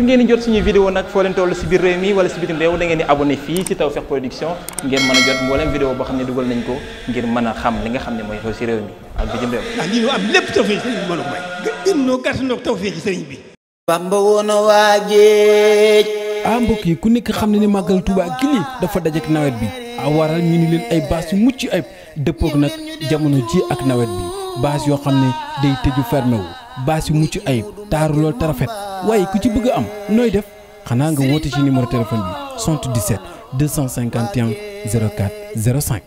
ngir ngeen di jot suñu vidéo nag foo leen toll si biir réew mi wala si bitim réew da ngeen di abonné fii si Tawfekh Production ngeen mën a jot mboolem vidéo boo xam ne dugal nañ ko ngir mën a xam li nga xam ne mooy xew si réew mi ak bitim réew. ndax ah, lii ñu am lépp bi mën a may. gën noo Bamba woon a waajeej. ah mbokk yi ku nekk xam ne ne màggal Tuubaa gi lii dafa dajek nawet bi a ah, waral ñu ni leen ay baas yu mucc ayib dëppook nag jamono ji ak nawet bi baas yoo xam ne day tëju fermé baas yu mucc ayib taaru lool te rafet waaye ku ci bëgg am nooy def xanaa nga woote ci numéro téléphone bi 77 251 04 05.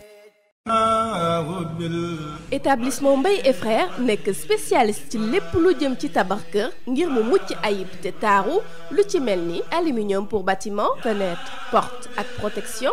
établissement Mbaye et frères nekk spécialiste ci lépp lu jëm ci tabax kër ngir mu mucc ayib te taaru lu ci mel ni aluminium pour bâtiment fenêtre porte ak protection.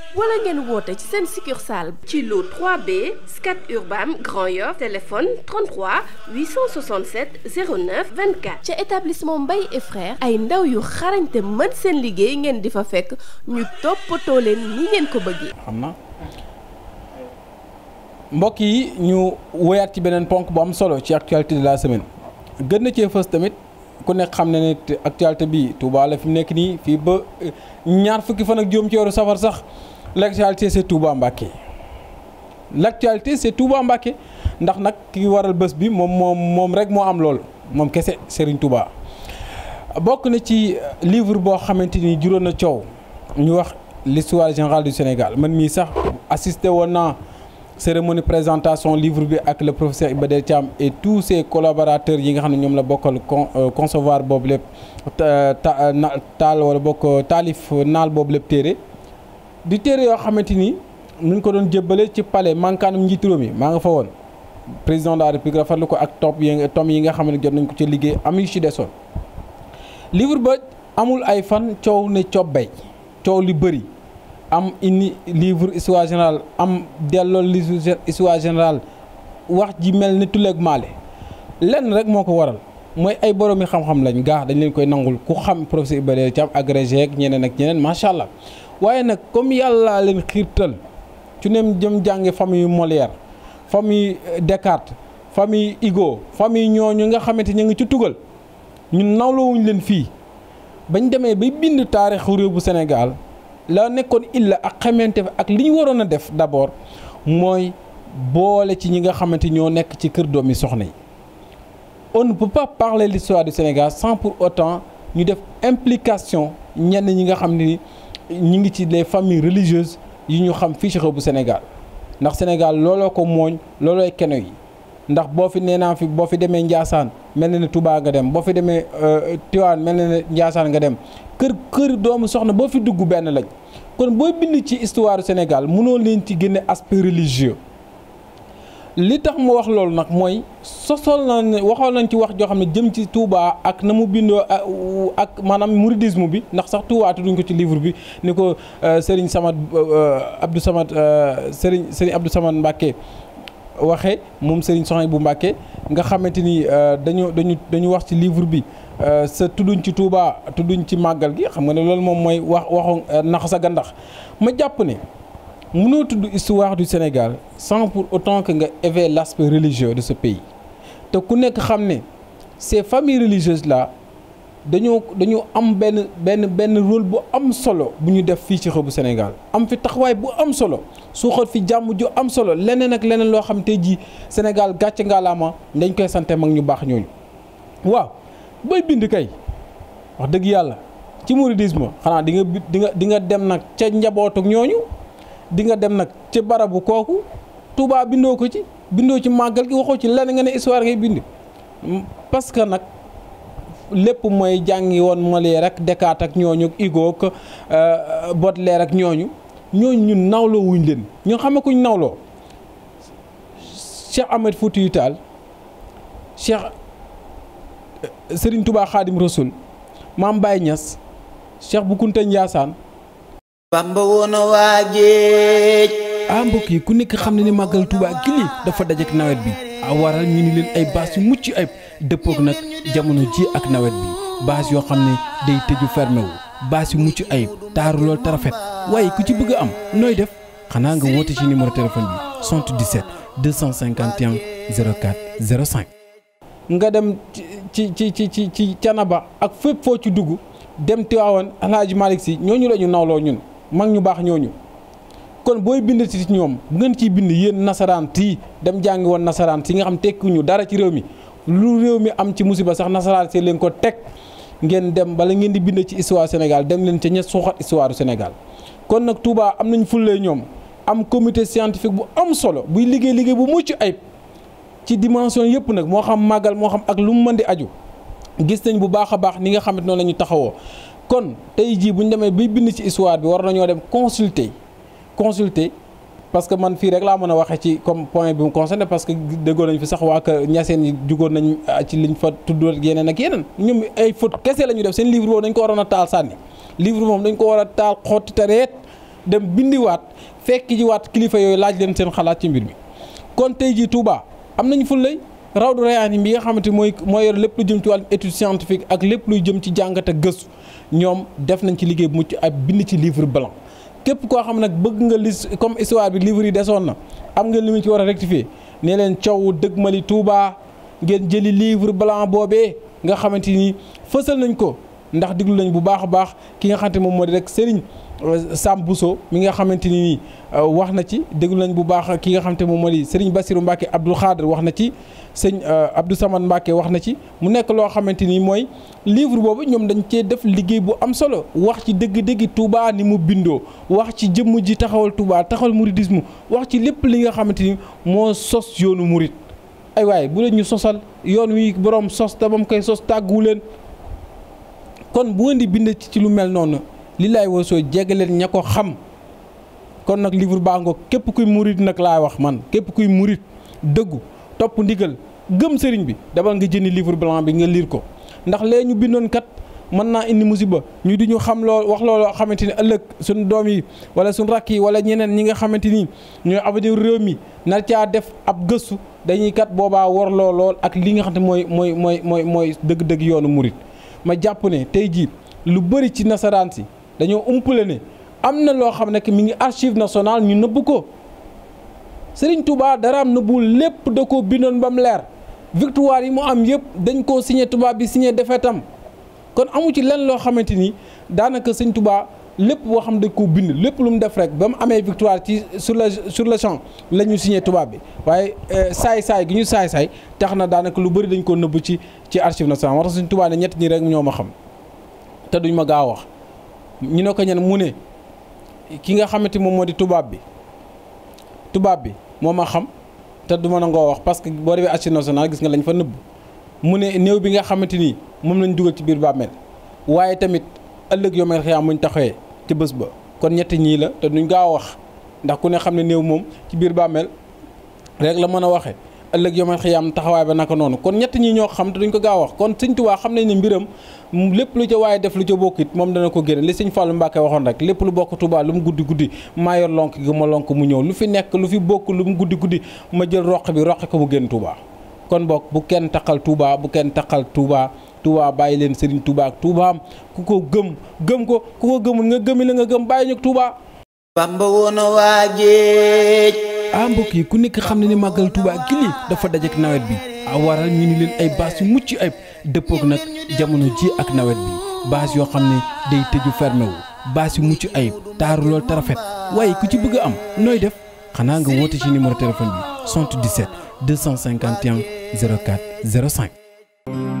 wala ngeen woote ci seen succursale ci lu 3B Scat Urbam Grand Yoff téléphone 33 867 09 24 ca établissement Mbaye et frères ay ndaw yu xarañ te mën seen liggéey ngeen di fa fekk ñu toppatoo leen ni ngeen ko bëggee xam na mbokk yi ñu woyaat ci beneen ponk bu am solo ci actualité de la semaine gën na cee fës tamit ku nekk xam na nit actualité bi Touba fi mu nekk nii fii ba eh, ñaar fukki fan ak juróom ci weeru safar sax l'actualité c'est Touba Mbacké l'actualité c'est Touba Mbacké ndax nag ki waral bés bi moom moom moom rek moo am lool moom kese Serigne Touba bokk na ci euh, livre boo xamante ni juróon na coow ñu wax l'histoire générale du Sénégal man mii sax assisté woon naa cérémonie présentation livre bi ak le professeur ba Der Thiam et tous ses collaborateurs yi nga xam ne ñoom la bokkal con euh, concevoir boobu lépp euh, taal wala bokk taalif naal boobu lépp téere di téere yoo xamante ni ñu ngi ko doon jébbale ci pale mankaanum njiitu réew mi maa nga fa woon président de la république rafetlu ko ak topp yi tom yi nga xam ne jot nañ ko ci liggéey am yu ci desoon livre ba amul ay fan coow ne coob bay coow li bëri am indi livre histoire générale am delloo livre histoire générale wax ji mel ni tuleeg maale lenn rek moo ko waral mooy ay boroomi xam-xam lañ gaax dañ leen koy nangul ku xam professeur Ibrahima Thiam agrégé ak ñeneen ak ñeneen macha allah waaye nag comme yàllaa leen xiirtal ci nem jëm jànge famille Molière famille euh, Descartes famille Hugo famille ñooñu nga xamante ñu ngi ci tugal ñun nawlawuñ leen fii bañ demee bay bind taarixu réew bu Sénégal la nekkoon illa ak xamante ak li ñu waroon a def d'abord mooy boole ci ñi nga xamante ñoo nekk ci kër doom yi soxna yi on ne peut pas du Sénégal sans pour autant ñu def implication ñenn ñi nga xam ni ñi ngi ci les famille religieuses yi ñu xam fii ci xëbu Sénégal ndax Sénégal looloo ko mooñ loolooy keno yi ndax boo fi nee naa fi boo fi demee Ndiassane mel na ne tubaa nga dem boo fi demee euh, Tivaouane mel na ne Ndiassane nga dem kër kër doomu soxna boo fi dugg benn lañ kon boo bind ci histoire Sénégal mënoo leen ci génne aspe religieux li tax mu wax loolu nag mooy sosol ne waxoon nañ ci wax joo xam ne jëm ci Touba ak na mu bindoo ak maanaam mouridisme bi ndax sax Touba tudduñ ko ci livre bi ni ko euh, Serigne Samad euh, euh, Abdou Samad Serigne Serigne Abdou Samad Mbacke waxee moom Serigne Soxna bu Mbacke nga xamante ni dañu dañu dañu wax ci livre bi sa tudduñ ci Touba tudduñ ci màggal gi xam nga ne loolu moom mooy wax waxu nax sa gandax ma jàpp ne. mënoo tudd histoire du Sénégal sans pour autant que nga éveiller l'aspect religieux de ce pays te ku nekk xam ne ces famille religieuses la dañoo dañoo am benn benn benn rôle bu am solo bu ñu def fii ci xëbu Sénégal am fi taxawaay bu am solo suuxat fi jàmm ju am solo leneen ak leneen loo xam te jii Sénégal gàcce ngaalaama dañ koy sante mag ñu baax ñooñu waaw bay bind kay wax dëgg yàlla ci mouridisme xanaa di nga di nga di nga dem nag ca njabootu ñooñu di nga dem nag ci barabu kooku Touba bindoo ko ci bindoo ci màggal gi waxoo ci lenn nga ne histoire ngay bind parce que nag lépp mooy jàngi woon Molière ak Descartes ak ñooñu ak Hugo euh, ak Baudelaire ak ñooñu ñooñu ñun nawloo wuñ leen ñoo xam ne kuñ nawloo Cheikh Ahmed Foutiyou Tall Cheikh euh, Serigne Touba Khadim Rasoul Maam Baye ñas Cheikh Bou Kounta Ndiassane bamba woon a waa géej ah mbokk yi ku nekk xam ne ni màggal Tuubaa gi nii dafa dajek nawet bi a ah, ñu ni leen ay baas yu mucc ayib dëppook nag jamono ji ak nawet bi baas yoo xam ne day tëju fermé wu baas yu mucc ayib taaru lool tarafet waaye ku ci bëgg a am nooy def xanaa nga woote ci numéro téléphone bi 77 251 04 05 nga dem ci ci ci ci ci canaba ak fépp foo ci dugg dem Tiwaawan Alaaji Malick Si ñooñu la ñu nawloo ñun mag ñu baax ñooñu kon booy bind ci ñoom bu ngeen ciy bind yéen nasaraan yi dem jàngi woon nasaraan yi nga xam tekkuñu dara ci réew mi lu réew mi am ci musiba sax nasaraan see leen ko teg ngeen dem bala ngeen di bind ci histoire Sénégal dem leen ca ña suuxat histoire du Sénégal kon nag tuubaa am nañu fullee ñoom am comité scientifique bu am solo buy liggéey liggéey bu mucc ayib ci dimension yëpp nag moo xam màggal moo xam ak lu mu mën di aju gis nañ bu baax a baax ni nga xamante noonu la ñu taxawoo kon tey jii bu ñu demee bay bind ci histoire bi war nañoo dem consulter consulter parce que man fii rek laa mën a waxee ci comme point bi mu concerné parce que déggoo nañ fi sax waa kër ñaseen yi jugoon nañ ah, ci liñ fa tudd ak yeneen ak yeneen ñoom ay faute kese la ñu def seen livre boobu dañ ko waroon a taal sànni livre moom dañ ko war a taal xotti tereet dem bindiwaat fekk ji waat kilifa yooyu laaj leen seen xalaat ci mbir mi kon tey jii tuuba am nañu fullay rawdu rayaani bi nga xamante mooy mooy yor lépp lu jëm ci wàllum étude scientifique ak lépp luy jëm ci jàngat ak gëstu ñoom def nañ ci liggéey bu mucc ab bind ci livre blanc képp koo xam nag bëgg nga lis comme histoire bi livre yi desoon na am ngeen li mu ci war a rectifier ne leen coow dëgmali tuubaa ngeen jëli livre balan boobee nga xamante ni fësal nañ ko ndax diglu nañ bu baax a baax ki nga xamante moom moo di rek Serigne Euh, Sam Bousso mi nga xamante ni euh, wax na ci dégg nañ bu baax ki nga xamante moom moo di Serigne Bassirou Mbacke Abdoul Khadr wax na ci sëñ euh, abdu Samane Mbacke wax na ci mu nekk loo xamante ni mooy livre boobu ñoom dañ cee def liggéey bu am solo wax ci dégg dégg Touba ni mu bindoo wax ci jëmm ji taxawal Touba taxawal mouridisme wax ci lépp li nga xamante ni moo sos yoonu murid ay waaye bu leen ñu sosal yoon wi borom sos te bam koy sos tàgguwu leen kon bu ngeen di bind ci lu mel noonu. li laay wasoo jegaleen ña ko xam kon nag livre baa ngoog képp kuy murit nag laa wax man képp kuy murit dëggu topp ndigal gëm sëriñ bi demal nga jëndi livre blanc bi nga liir ko ndax lee ñu bindoon kat mën naa indi musiba ñu di ñu xam lool wax looloo xamante ni ëllëg suñu doom yi wala suñu rakk yi wala ñeneen ñi nga xamante ni ñooy avenir réew mi nar caa def ab gëstu dañuy kat boobaa warloo lool ak li nga xam ne mooy mooy mooy mooy mooy dëgg-dëgg yoonu murit ma jàpp ne tey jii lu bëri ci nasaraan si dañoo umpale ne am na loo xam ne que mi ngi archive nationale ñu nëbb ko Serigne dara am nëbbul lépp da ko bindoon ba mu leer victoire yi mu am yëpp dañ koo signé tubaab bi signé defetam kon amu ci lenn loo xamante ni daanaka sëñ Touba lépp boo xam dañ koo bind lépp lu mu def rek ba mu amee victoire ci sur le sur le champ la ñu signé tubaab bi waaye euh, saay-saay gi ñu saay-saay tax na daanaka lu bëri dañ ko nëbb ci ci archive nationale moo tax suñ ne ñett ñi rek ñoo ma xam te duñ ma gaaw ñu ne ko ñan mu ne ki nga xamante moom moo di tubaab bi tubaab bi moo ma xam te du ma ngoo wax parce que boo demee Archives nationales gis nga lañ fa nëbb mu ne néew bi nga xamante ni moom lañ dugal ci biir bàmmeel waaye tamit ëllëg yoo mel xiyaam muñ taxawee ci bés ba kon ñetti ñii la te duñ gaaw a wax ndax ku ne xam ne néew moom ci biir bàmmeel rek la mën a waxee. ëllëg yomal xiyaam taxawaay ba naka noonu kon ñett ñi ñoo xam te duñ ko gaaw wax kon sëñ Tuubaa xam nañ ne mbiram lépp lu ca waaye def lu ca bokk moom dana ko génne li sëñ Fallu Mbàkke waxoon rek lépp lu bokk Tuubaa lu mu guddi guddi maa yor lonk gi ma lonk mu ñëw fi nekk lu fi bokk lu mu guddi guddi ma jël roq bi roq ko mu génn Tuubaa kon bokk bu kenn taqal tubaa bu kenn taqal Tuubaa tubaa bàyyi leen Serigne Touba ak Toubaam ku ko gëm gëm ko ku ko gëmul nga gëmi la nga gëm bàyyi ñu Touba. Bamba woon a waajeej ah mbokk yi ku nekk xam ne ni màggal Touba gi lii dafa dajeek nawet bi a ah, waral ñu ni leen ay baas yu mucc ayib dëppook nag jamono ji ak nawet bi baas yoo xam ne day tëju fermé wu baas yu mucc ayib taaru loolu te rafet waaye ku ci bëgg am nooy def xanaa nga woote ci numéro téléphone bi 77 251 04 05